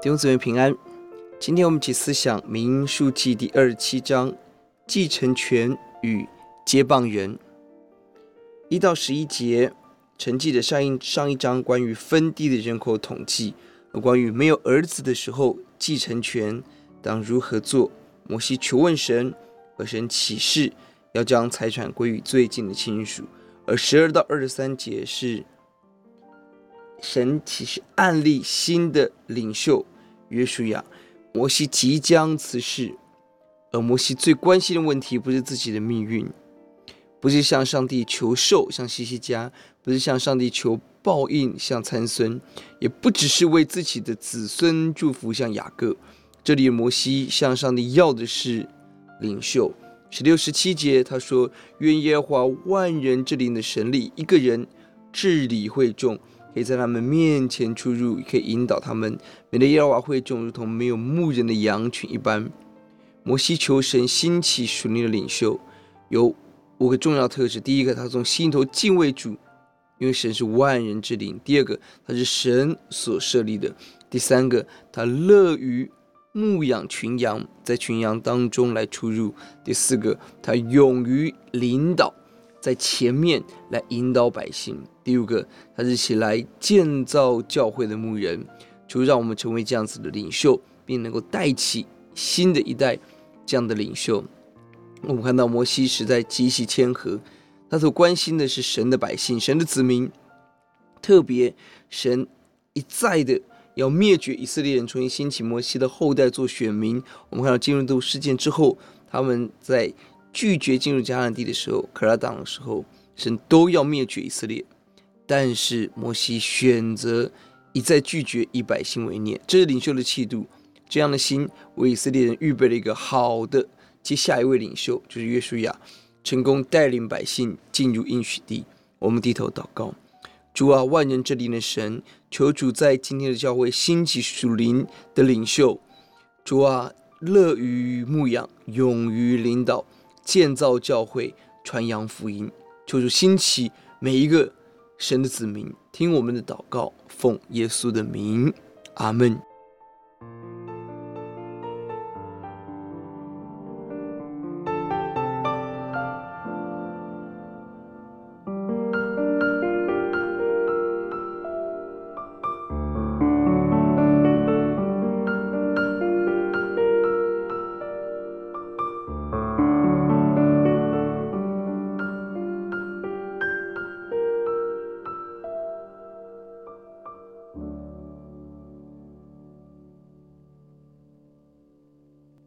弟兄姊妹平安，今天我們一起思想書《民數記》第二十七章繼承權與接棒人一到十一節，承繼着上一上一章關於分地的人口統計，和關於沒有兒子的時候繼承權當如何做。摩西求問神，而神啟示要將財產歸於最近的親屬。而十二到二十三節是。神啟示暗立新的領袖約書亞，摩西即將辭世，而摩西最關心的問題不是自己的命運，不是向上帝求壽，向西西家，不是向上帝求報應，向參孫；也不只是為自己的子孫祝福，向雅各。這裡摩西向上帝要的是領袖。十六十七節他說：“願耶和華萬人之靈的神力，一個人治理會眾。”可以在他們面前出入，可以引導他們，免得耶和華會眾如同沒有牧人的羊群一般。摩西求神興起屬靈的領袖，有五個重要特質：第一個，他從心頭敬畏主，因為神是萬人之靈；第二個，他是神所設立的；第三個，他樂於牧養群羊，在群羊當中來出入；第四個，他勇於領導，在前面來引導百姓。第五個，他是一起來建造教會的牧人，就讓我們成為這樣子的領袖，並能夠帶起新的一代這樣的領袖。我們看到摩西實在極其謙和，他所關心的是神的百姓、神的子民。特別神一再的要滅絕以色列人，重新興起摩西的後代做選民。我們看到金牛犢事件之後，他們在拒絕進入迦南地的時候，可拉黨的時候，神都要滅絕以色列。但是摩西選擇一再拒絕，以百姓為念，這是領袖的氣度。這樣的心為以色列人預備了一個好的接下一位領袖，就是約書亞，成功帶領百姓進入應許地。我們低頭禱告：主啊，萬人之靈的神，求主在今天的教會興起屬靈的領袖。主啊，樂於牧養，勇於領導，建造教會，傳揚福音。求主興起每一個。神的子民，聽我們的禱告，奉耶穌的名，阿門。